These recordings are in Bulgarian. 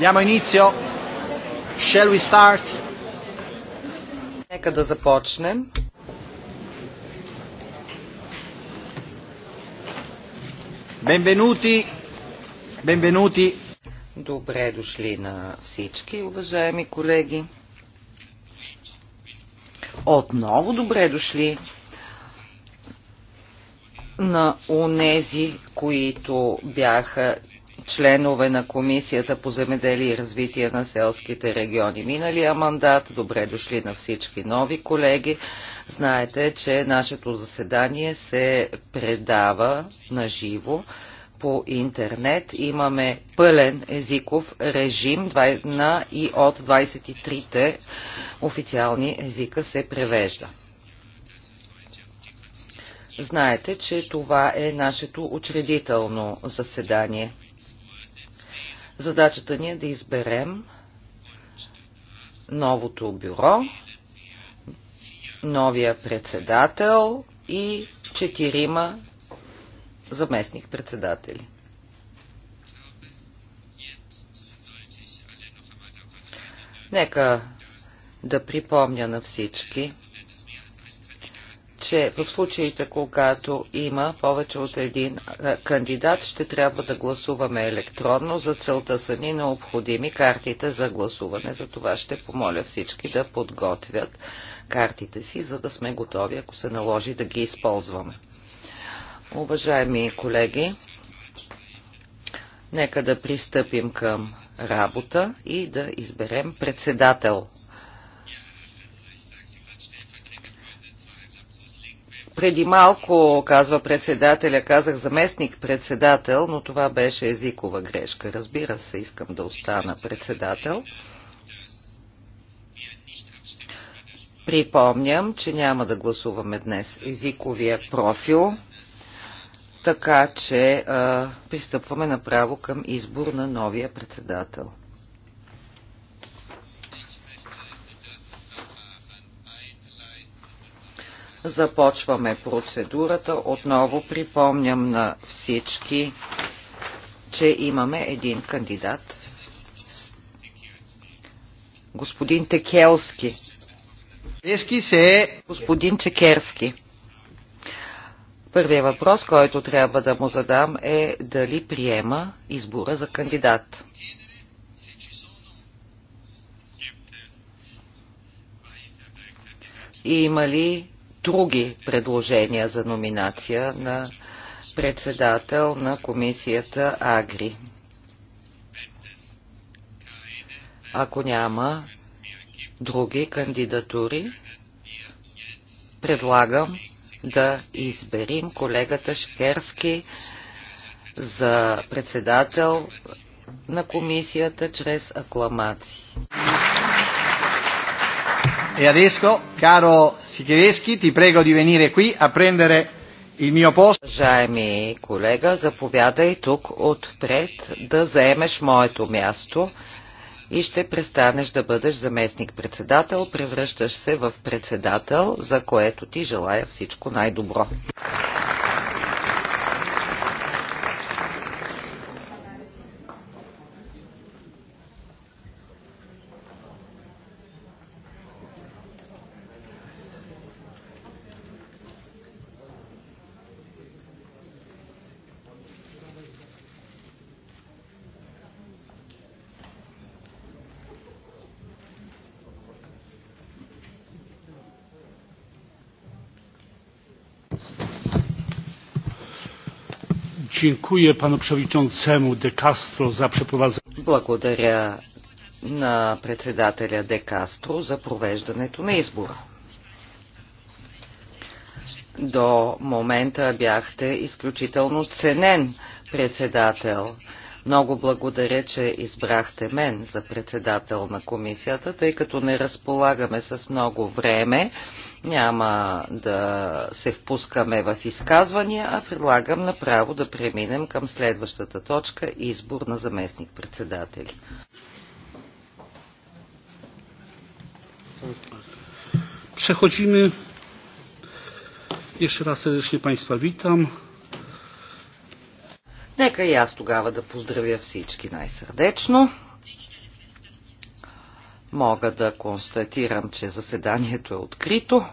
Няма инициал. Shall we start? Нека да започнем. Бенбенути! Бенбенути! Добре дошли на всички, уважаеми колеги. Отново добре дошли на онези, които бяха членове на Комисията по земеделие и развитие на селските региони миналия мандат. Добре дошли на всички нови колеги. Знаете, че нашето заседание се предава на живо по интернет. Имаме пълен езиков режим на и от 23-те официални езика се превежда. Знаете, че това е нашето учредително заседание. Задачата ни е да изберем новото бюро, новия председател и четирима заместник-председатели. Нека да припомня на всички, че в случаите, когато има повече от един кандидат, ще трябва да гласуваме електронно. За целта са ни необходими картите за гласуване. За това ще помоля всички да подготвят картите си, за да сме готови, ако се наложи да ги използваме. Уважаеми колеги, нека да пристъпим към работа и да изберем председател Преди малко, казва председателя, казах заместник председател, но това беше езикова грешка. Разбира се, искам да остана председател. Припомням, че няма да гласуваме днес езиковия профил, така че а, пристъпваме направо към избор на новия председател. Започваме процедурата. Отново припомням на всички, че имаме един кандидат. Господин Текелски. Ески се. Е- Господин Чекерски. Първият въпрос, който трябва да му задам е дали приема избора за кандидат. Има ли други предложения за номинация на председател на комисията Агри. Ако няма други кандидатури, предлагам да изберим колегата Шкерски за председател на комисията чрез акламации. E adesso, caro Sikireski, ti prego di venire qui a prendere il mio posto. Уважаеми колега, заповядай тук отпред да заемеш моето място и ще престанеш да бъдеш заместник-председател, превръщаш се в председател, за което ти желая всичко най-добро. Dziękuję panu przewodniczącemu De Castro za przeprowadzenie. Благодаря председателя Де Кастро за провеждането на избора. До момента бяхте изключително ценен председател. Много благодаря, че избрахте мен за председател на комисията, тъй като не разполагаме с много време. Няма да се впускаме в изказвания, а предлагам направо да преминем към следващата точка – избор на заместник-председатели. Przechodzimy. Jeszcze raz serdecznie Państwa witam. Нека и аз тогава да поздравя всички най-сърдечно. Мога да констатирам, че заседанието е открито.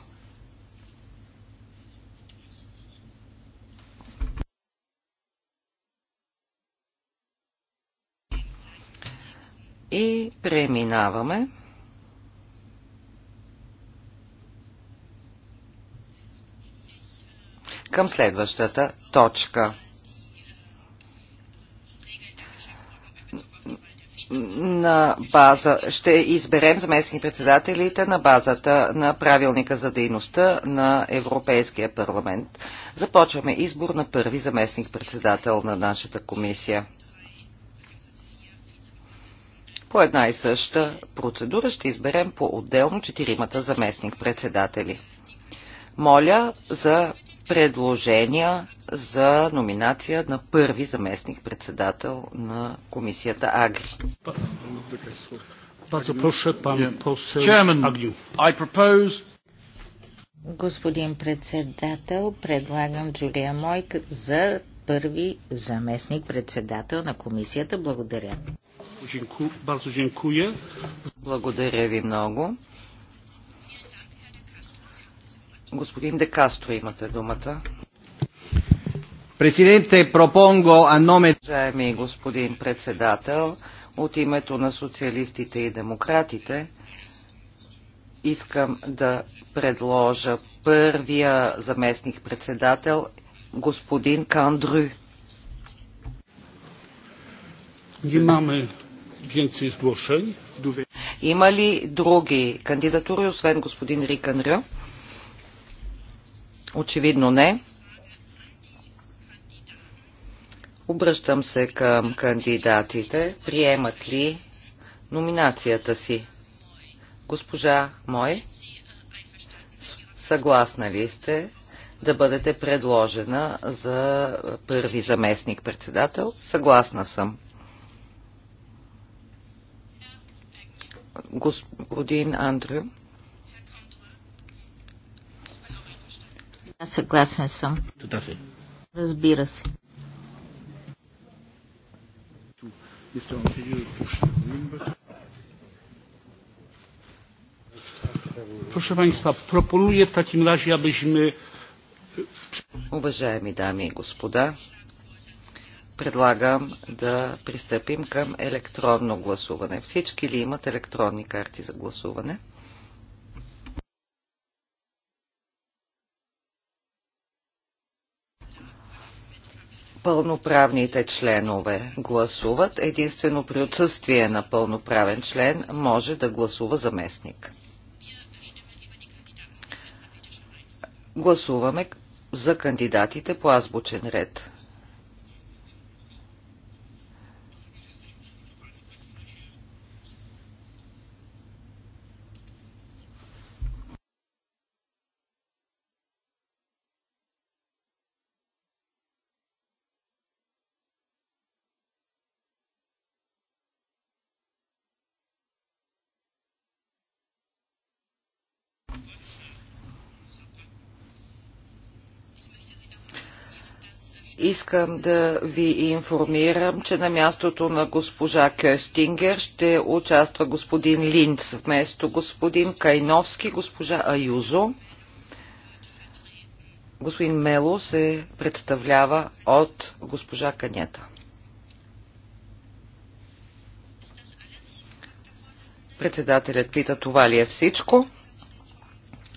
И преминаваме към следващата точка. на база, ще изберем заместни председателите на базата на правилника за дейността на Европейския парламент. Започваме избор на първи заместник председател на нашата комисия. По една и съща процедура ще изберем по отделно четиримата заместник председатели. Моля за предложения за номинация на първи заместник-председател на комисията Агри. Господин председател, предлагам Джулия Мойк за първи заместник-председател на комисията. Благодаря. Благодаря ви много. Господин Декастро, имате думата. Presidente, propongo a nome... Уважаеми господин председател, от името на социалистите и демократите искам да предложа първия заместник председател господин Кандрю. Имаме венци zgłoszeń. Има ли други кандидатури, освен господин Рикан Рю? Очевидно не. не. Обръщам се към кандидатите. Приемат ли номинацията си? Госпожа Мой, съгласна ли сте да бъдете предложена за първи заместник-председател? Съгласна съм. Господин Андрю. Аз съгласен съм. Разбира се. Proszę Państwa, proponuję w takim razie, abyśmy... E, Уважаеми дами и господа, предлагам да пристъпим към електронно гласуване. Всички ли имат електронни карти за гласуване? пълноправните членове гласуват. Единствено при отсъствие на пълноправен член може да гласува заместник. Гласуваме за кандидатите по азбучен ред. Искам да ви информирам, че на мястото на госпожа Кюстингер ще участва господин Линц, вместо господин Кайновски, госпожа Аюзо. Господин Мело се представлява от госпожа Канета. Председателят пита това ли е всичко.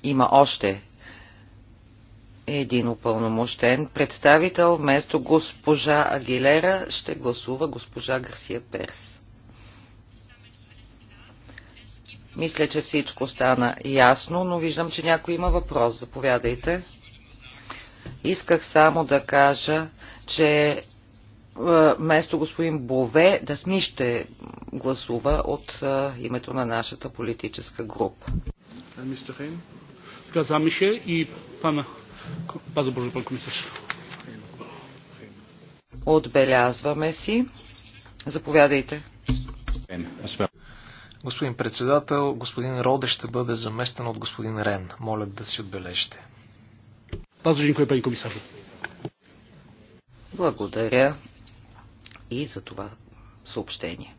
Има още един упълномощен представител. Вместо госпожа Агилера ще гласува госпожа Гарсия Перс. Мисля, че всичко стана ясно, но виждам, че някой има въпрос. Заповядайте. Исках само да кажа, че е, вместо господин Бове, сми ще гласува от е, името на нашата политическа група. Мистер Хейн, сказа ми и пана Bardzo proszę, pan komisarz. Отбелязваме си. Заповядайте. Господин председател, господин Роде ще бъде заместен от господин Рен. Моля да си отбележите. Благодаря и за това съобщение.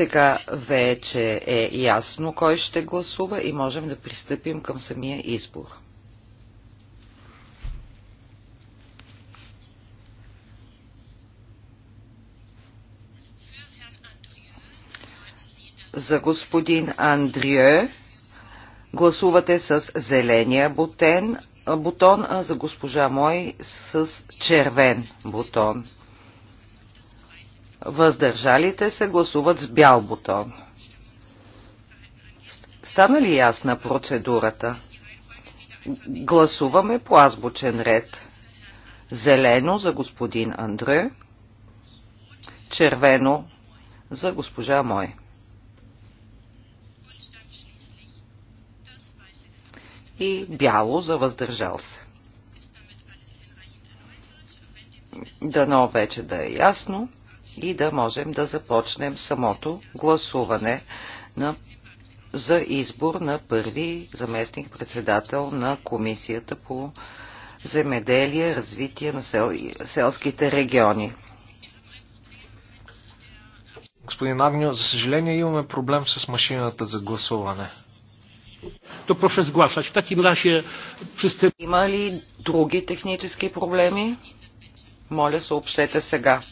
Сега вече е ясно кой ще гласува и можем да пристъпим към самия избор. За господин Андрио гласувате с зеления бутен, бутон, а за госпожа Мой с червен бутон. Въздържалите се гласуват с бял бутон. Стана ли ясна процедурата? Гласуваме по азбучен ред. Зелено за господин Андре, червено за госпожа Мой. И бяло за въздържал се. Дано вече да е ясно и да можем да започнем самото гласуване на, за избор на първи заместник-председател на Комисията по земеделие, развитие на сел, селските региони. Господин Агньо, за съжаление имаме проблем с машината за гласуване. То проше сглашać. че таки razie przystęp... Има ли други технически проблеми? Моля, съобщете сега.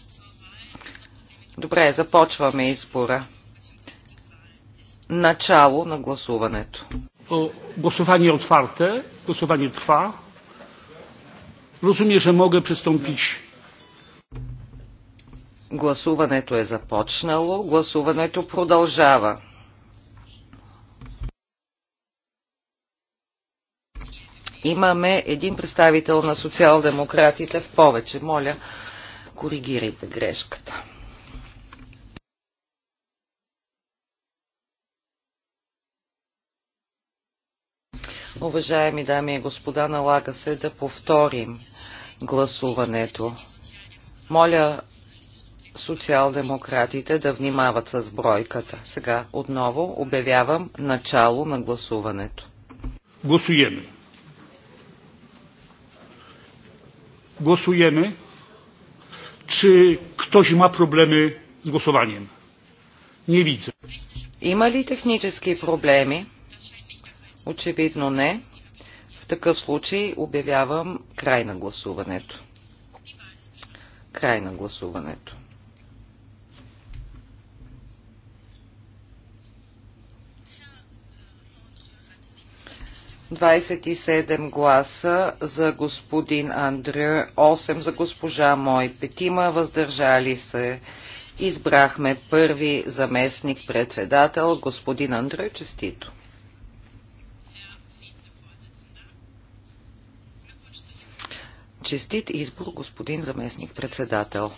Добре, започваме избора. Начало на гласуването. Głosowanie отварте, Głosowanie trwa. Rozumiem, че мога przystąpić. Гласуването е започнало. Гласуването продължава. Имаме един представител на социал-демократите в повече. Моля, коригирайте грешката. Уважаеми дами и господа, налага се да повторим гласуването. Моля социал-демократите да внимават с бройката. Сега отново обявявам начало на гласуването. Гласуеме. Гласуеме, че кто има проблеми с гласуванием. Не видя. Има ли технически проблеми? Очевидно не. В такъв случай обявявам край на гласуването. Край на гласуването. Двадесет и седем гласа за господин Андрю, 8 за госпожа Мой, петима въздържали се избрахме първи заместник председател, господин Андрю Честито. Честит избор, господин заместник-председател.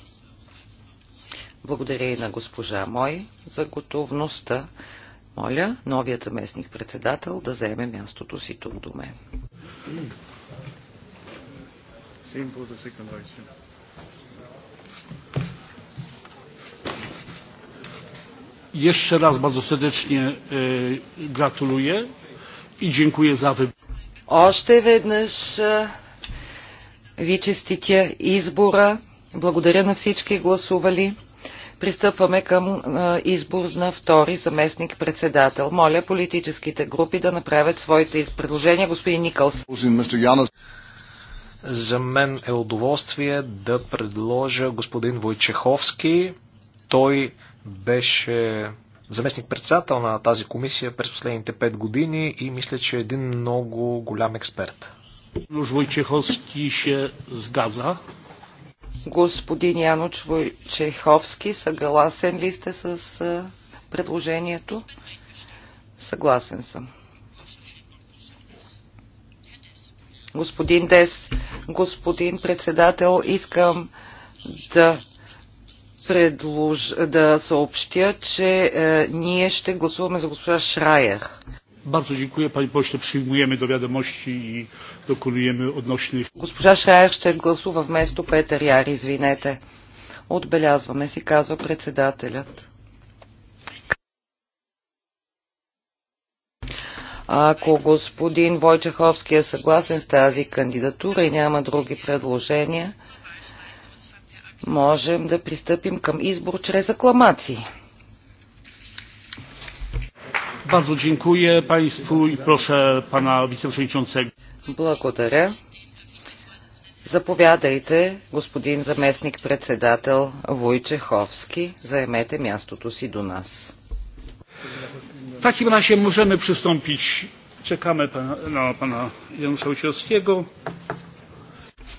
Благодаря и на госпожа Мой за готовността. Моля, новият заместник-председател да заеме мястото си тук до мен. Еще раз много сърдечно gratuluję и dziękuję за wybranie. Още веднъж ви честитя избора. Благодаря на всички гласували. Пристъпваме към избор на втори заместник председател. Моля политическите групи да направят своите предложения. Господин Никълс. За мен е удоволствие да предложа господин Войчеховски. Той беше заместник-председател на тази комисия през последните 5 години и мисля, че е един много голям експерт. Нож Войчеховски ще сгаза. Господин Яноч Войчеховски, съгласен ли сте с е, предложението? Съгласен съм. Господин Дес, господин председател, искам да предлож... да съобщя, че е, ние ще гласуваме за госпожа Шраер. Bardzo dziękuję panie pośle, przyjmujemy do wiadomości i dokonujemy odnośnych. Госпожа Шраер ще гласува вместо Петър Яр, извинете. Отбелязваме си, казва председателят. Ако господин Войчаховски е съгласен с тази кандидатура и няма други предложения, можем да пристъпим към избор чрез акламации. Bardzo dziękuję Państwu i proszę Pana Wiceprzewodniczącego. Благодаря. Заповядайте, господин заместник-председател Войчеховски. Заемете мястото си до нас. В таким разе можем przystąpić. Чекаме на пана Януша Janusza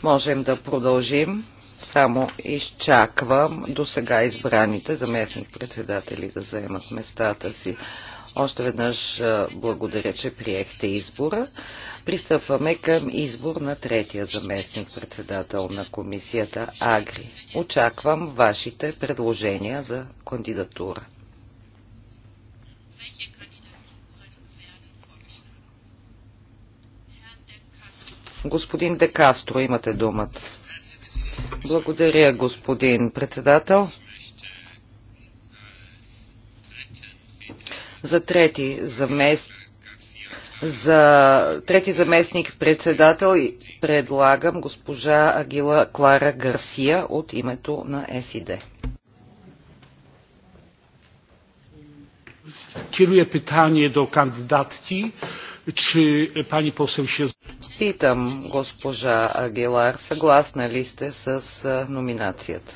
Можем да продължим. Само изчаквам до сега избраните заместник-председатели да заемат местата си. Още веднъж благодаря, че приехте избора. Пристъпваме към избор на третия заместник председател на комисията Агри. Очаквам вашите предложения за кандидатура. Господин Декастро, имате думата. Благодаря, господин председател. за трети заместник за трети заместник председател предлагам госпожа Агила Клара Гарсия от името на СИД. Кируя питание до kandydatki, че пани poseł ще... Питам госпожа Агилар, съгласна ли сте с е, номинацията?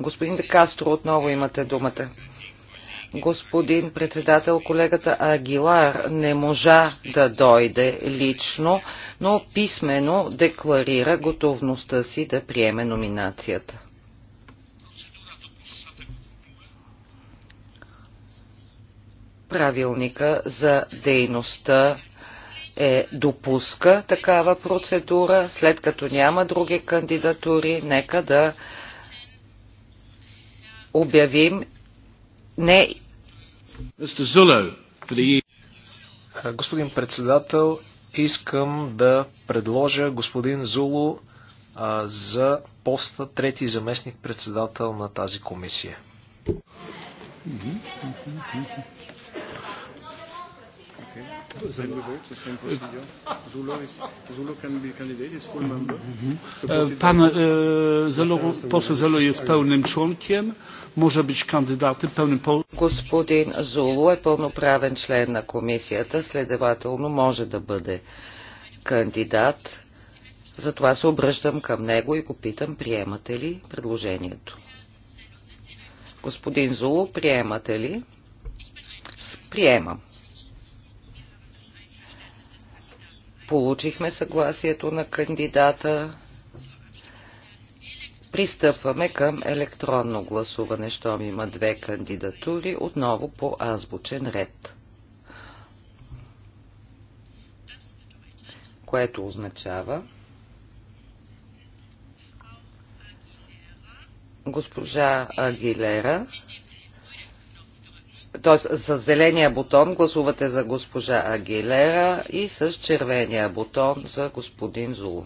Господин Декастро, отново имате думата господин председател, колегата Агилар не можа да дойде лично, но писмено декларира готовността си да приеме номинацията. Правилника за дейността е допуска такава процедура, след като няма други кандидатури, нека да обявим не Господин председател, искам да предложа господин Зулу а, за поста трети заместник председател на тази комисия. E, pan e, Zelo, poseł Zelo jest pełnym członkiem, może być kandydatem pełnym... Господин Зулу е пълноправен член на комисията, следователно може да бъде кандидат. Затова се обръщам към него и го питам, приемате ли предложението? Господин Зулу, приемате ли? Приемам. Получихме съгласието на кандидата. Пристъпваме към електронно гласуване, щом има две кандидатури, отново по азбучен ред. Което означава, госпожа Агилера т.е. с зеления бутон гласувате за госпожа Агилера и с червения бутон за господин Зул.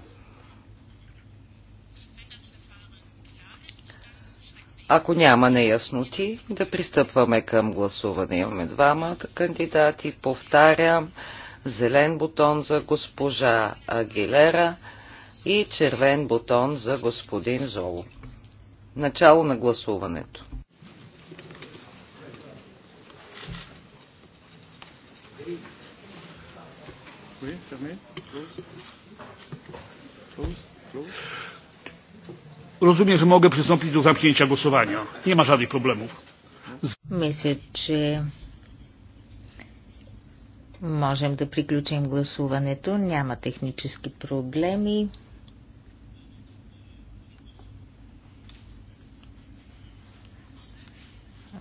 Ако няма неясноти, да пристъпваме към гласуване. Имаме двама кандидати. Повтарям, зелен бутон за госпожа Агилера и червен бутон за господин Золо. Начало на гласуването. Oui, fermé. Close. Close. Close. Rozumiem, że mogę przystąpić do zamknięcia głosowania. Nie ma żadnych problemów. Z... Myślę, możemy do можем głosowania tu. Nie ma technicznych problemów.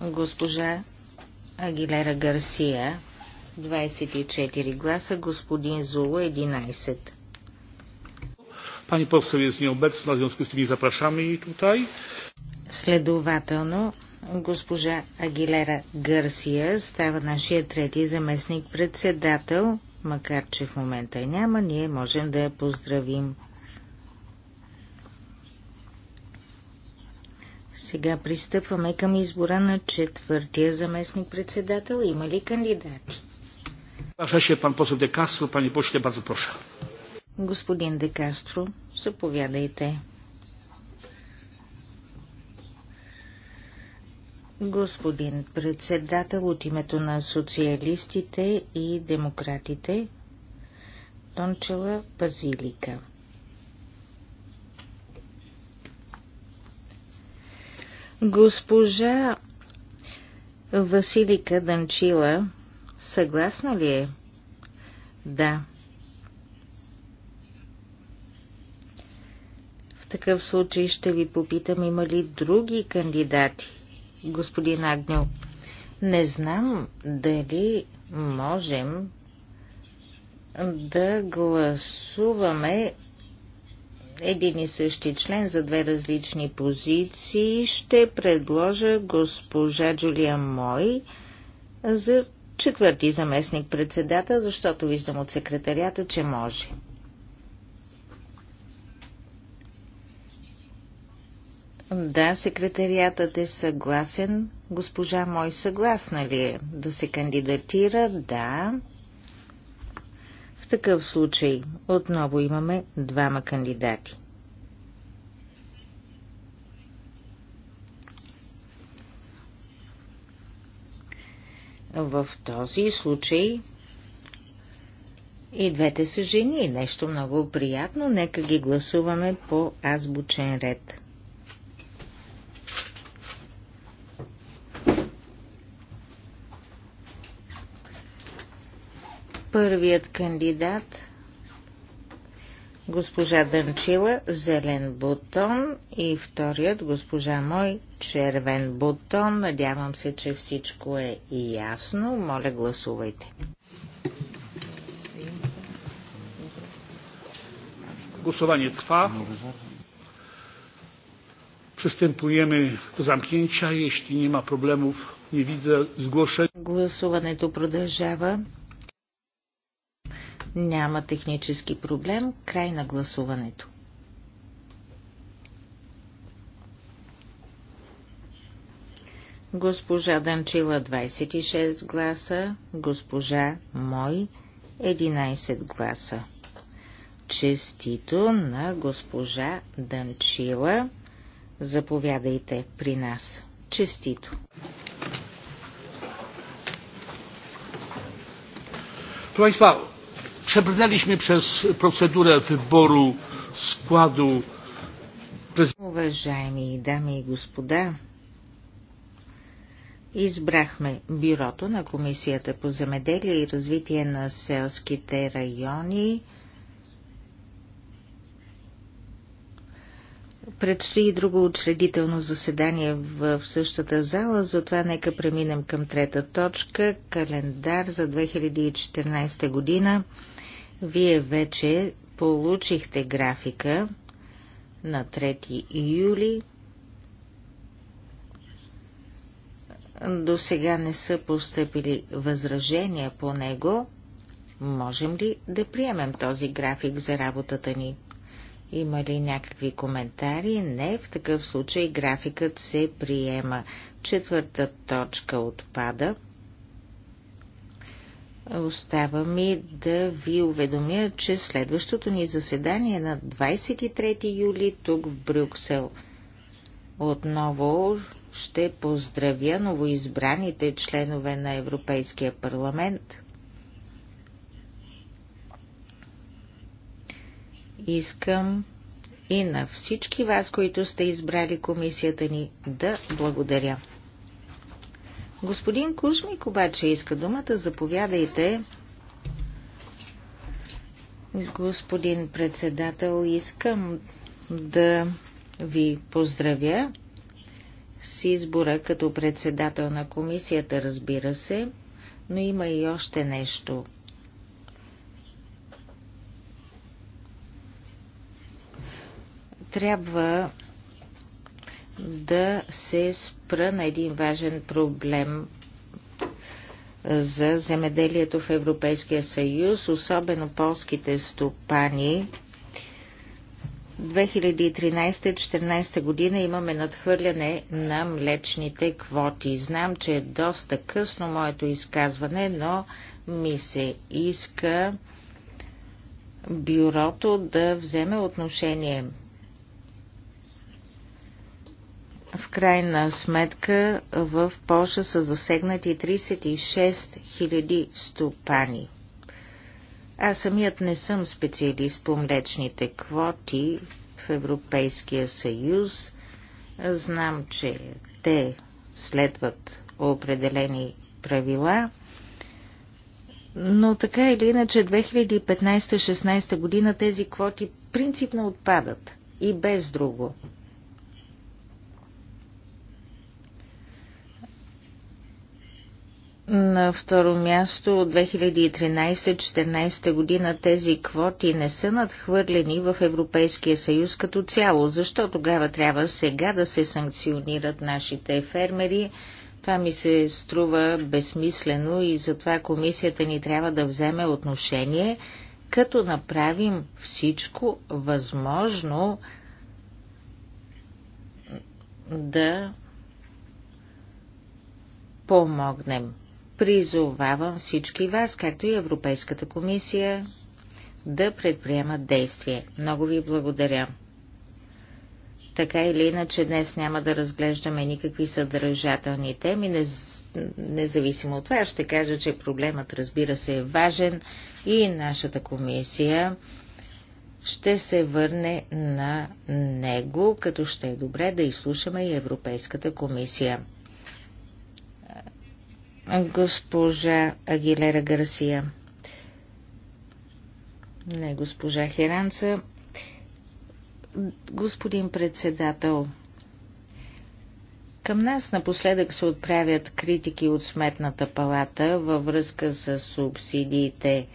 Госпожа Агилера Гарсия 24 гласа, господин Зуло 11. Пани poseł jest nieobecna, w związku z tym nie zapraszamy Следователно, госпожа Агилера Гърсия става нашия трети заместник-председател, макар че в момента няма, ние можем да я поздравим. Сега пристъпваме към избора на четвъртия заместник-председател. Има ли кандидати? Zgłasza się pan poseł De Castro. Panie pośle, bardzo proszę. Господин Де Кастро, заповядайте. Господин председател, от името на социалистите и демократите, Тончела Базилика. Госпожа Василика Данчила Съгласна ли е? Да. В такъв случай ще ви попитам, има ли други кандидати, господин Агню. Не знам дали можем да гласуваме един и същи член за две различни позиции. Ще предложа госпожа Джулия Мой за четвърти заместник председател, защото виждам от секретарията, че може. Да, секретариатът е съгласен. Госпожа мой съгласна ли е да се кандидатира? Да. В такъв случай отново имаме двама кандидати. В този случай и двете са жени. Нещо много приятно. Нека ги гласуваме по азбучен ред. Първият кандидат – Госпожа Дънчила, зелен бутон и вторият, госпожа Мой, червен бутон. Надявам се, че всичко е ясно. Моля, гласувайте. Głosowanie trwa. Przystępujemy do zamknięcia. Jeśli nie ma problemów, nie widzę zgłoszeń. Głosowanie to продължава. Няма технически проблем. Край на гласуването. Госпожа Данчила 26 гласа, госпожа Мой 11 гласа. Честито на госпожа Данчила. Заповядайте при нас. Честито! Proszę Państwa, Przebrnęliśmy przez procedurę wyboru składu Уважаеми дами и господа, избрахме бюрото на Комисията по земеделие и развитие на селските райони. Предстои друго учредително заседание в същата зала, затова нека преминем към трета точка – календар за 2014 година – вие вече получихте графика на 3 юли. До сега не са поступили възражения по него. Можем ли да приемем този график за работата ни? Има ли някакви коментари? Не, в такъв случай графикът се приема. Четвърта точка отпада. Остава ми да ви уведомя, че следващото ни заседание е на 23 юли тук в Брюксел. Отново ще поздравя новоизбраните членове на Европейския парламент. Искам и на всички вас, които сте избрали комисията ни, да благодаря. Господин Кушмик, обаче иска думата. Заповядайте. Господин председател, искам да ви поздравя с избора като председател на комисията, разбира се, но има и още нещо. Трябва да се спра на един важен проблем за земеделието в Европейския съюз, особено полските стопани. 2013-2014 година имаме надхвърляне на млечните квоти. Знам, че е доста късно моето изказване, но ми се иска бюрото да вземе отношение крайна сметка в Польша са засегнати 36 000 стопани. Аз самият не съм специалист по млечните квоти в Европейския съюз. Знам, че те следват определени правила, но така или иначе 2015-16 година тези квоти принципно отпадат и без друго. На второ място от 2013-2014 година тези квоти не са надхвърлени в Европейския съюз като цяло. Защо тогава трябва сега да се санкционират нашите фермери? Това ми се струва безсмислено и затова комисията ни трябва да вземе отношение, като направим всичко възможно да помогнем призовавам всички вас, както и Европейската комисия, да предприемат действие. Много ви благодаря. Така или иначе, днес няма да разглеждаме никакви съдържателни теми. Независимо от това, ще кажа, че проблемът, разбира се, е важен и нашата комисия ще се върне на него, като ще е добре да изслушаме и Европейската комисия госпожа Агилера Гарсия. Не госпожа Херанца. Господин председател, към нас напоследък се отправят критики от Сметната палата във връзка с субсидиите.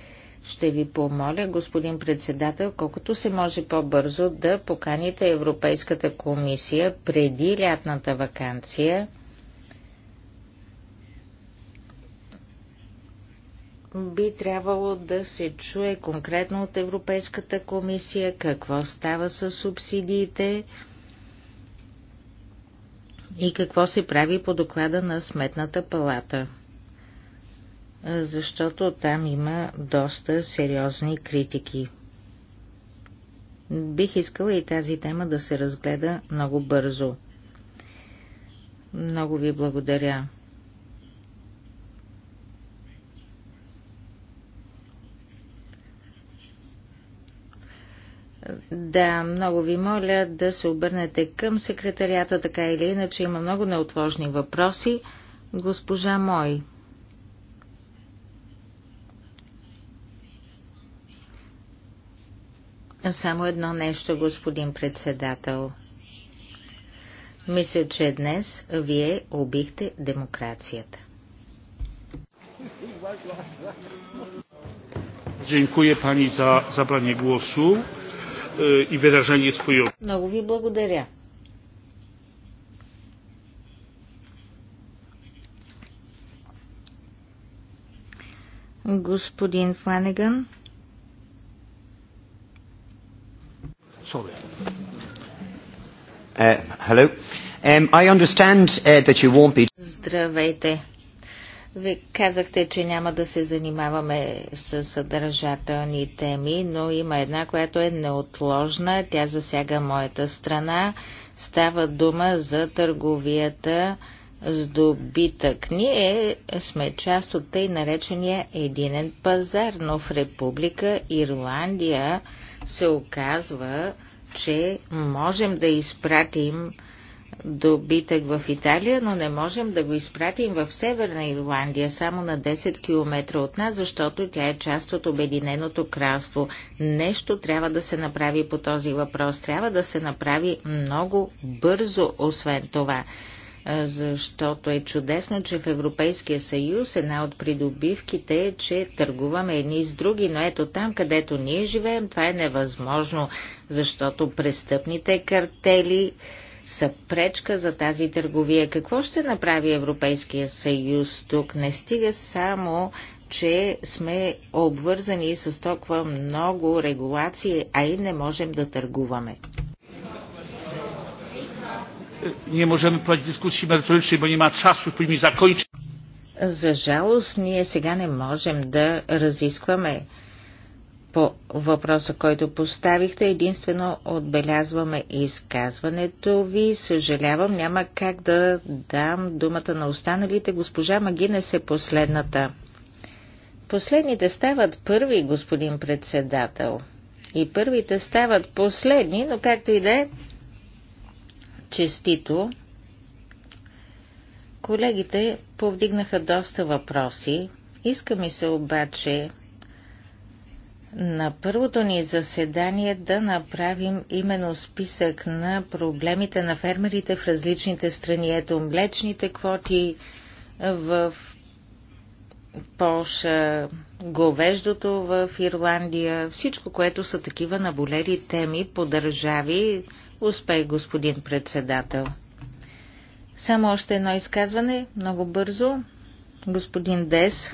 Ще ви помоля, господин председател, колкото се може по-бързо да поканите Европейската комисия преди лятната вакансия – би трябвало да се чуе конкретно от Европейската комисия какво става с субсидиите и какво се прави по доклада на Сметната палата. Защото там има доста сериозни критики. Бих искала и тази тема да се разгледа много бързо. Много ви благодаря. Да, много ви моля да се обърнете към секретарията, така или иначе има много неотложни въпроси. Госпожа Мой. Само едно нещо, господин председател. Мисля, че днес вие убихте демокрацията. Dziękuję pani za zabranie głosu. Е, и выражение свое. Много ви благодаря. Господин Фланеган. Sorry. Uh, hello. Um, I understand uh, that you won't be... Здравейте. Вие казахте, че няма да се занимаваме с съдържателни теми, но има една, която е неотложна. Тя засяга моята страна. Става дума за търговията с добитък. Ние сме част от тъй наречения единен пазар, но в Република Ирландия се оказва, че можем да изпратим добитък в Италия, но не можем да го изпратим в Северна Ирландия, само на 10 км от нас, защото тя е част от Обединеното кралство. Нещо трябва да се направи по този въпрос. Трябва да се направи много бързо, освен това. Защото е чудесно, че в Европейския съюз една от придобивките е, че търгуваме едни с други, но ето там, където ние живеем, това е невъзможно, защото престъпните картели са пречка за тази търговия. Какво ще направи Европейския съюз тук? Не стига само, че сме обвързани с толкова много регулации, а и не можем да търгуваме. Nie możemy prowadzić dyskusji merytorycznej, bo nie ma czasu, powinni zakończyć. За жалост, ние сега не можем да разискваме по въпроса, който поставихте. Единствено отбелязваме изказването ви. Съжалявам, няма как да дам думата на останалите. Госпожа Магинес е последната. Последните стават първи, господин председател. И първите стават последни, но както и да е, честито. Колегите повдигнаха доста въпроси. Иска ми се обаче на първото ни заседание да направим именно списък на проблемите на фермерите в различните страни. Ето млечните квоти в Полша, говеждото в Ирландия, всичко, което са такива наболели теми по държави. Успех, господин председател. Само още едно изказване, много бързо господин Дес.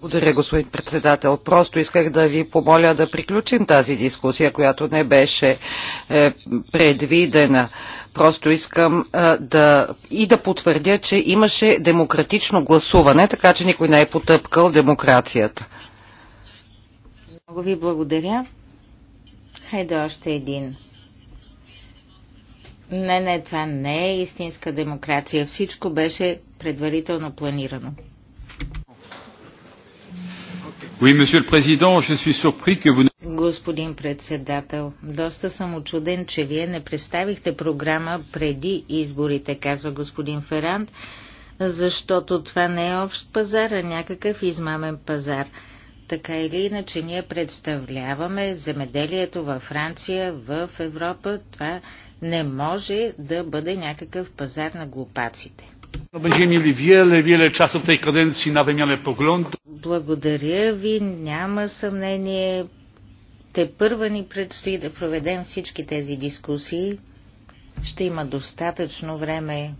Благодаря, господин председател. Просто исках да ви помоля да приключим тази дискусия, която не беше е, предвидена. Просто искам е, да и да потвърдя, че имаше демократично гласуване, така че никой не е потъпкал демокрацията. Много ви благодаря. Хайде още един. Не, не, това не е истинска демокрация. Всичко беше предварително планирано. Oui, président, je suis surpris que vous Господин председател, доста съм очуден, че вие не представихте програма преди изборите, казва господин Ферант, защото това не е общ пазар, а някакъв измамен пазар. Така или иначе, ние представляваме земеделието във Франция, в Европа. Това не може да бъде някакъв пазар на глупаците. Благодаря ви, няма съмнение. Те първа ни предстои да проведем всички тези дискусии. Ще има достатъчно време.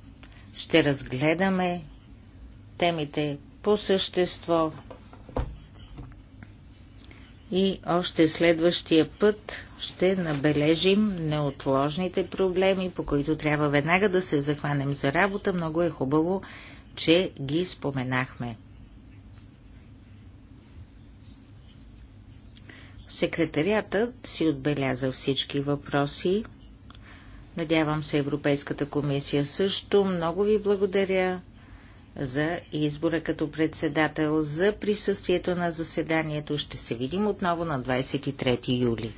Ще разгледаме темите по същество, и още следващия път ще набележим неотложните проблеми, по които трябва веднага да се захванем за работа. Много е хубаво, че ги споменахме. Секретариатът си отбеляза всички въпроси. Надявам се Европейската комисия също. Много ви благодаря за избора като председател за присъствието на заседанието. Ще се видим отново на 23 юли.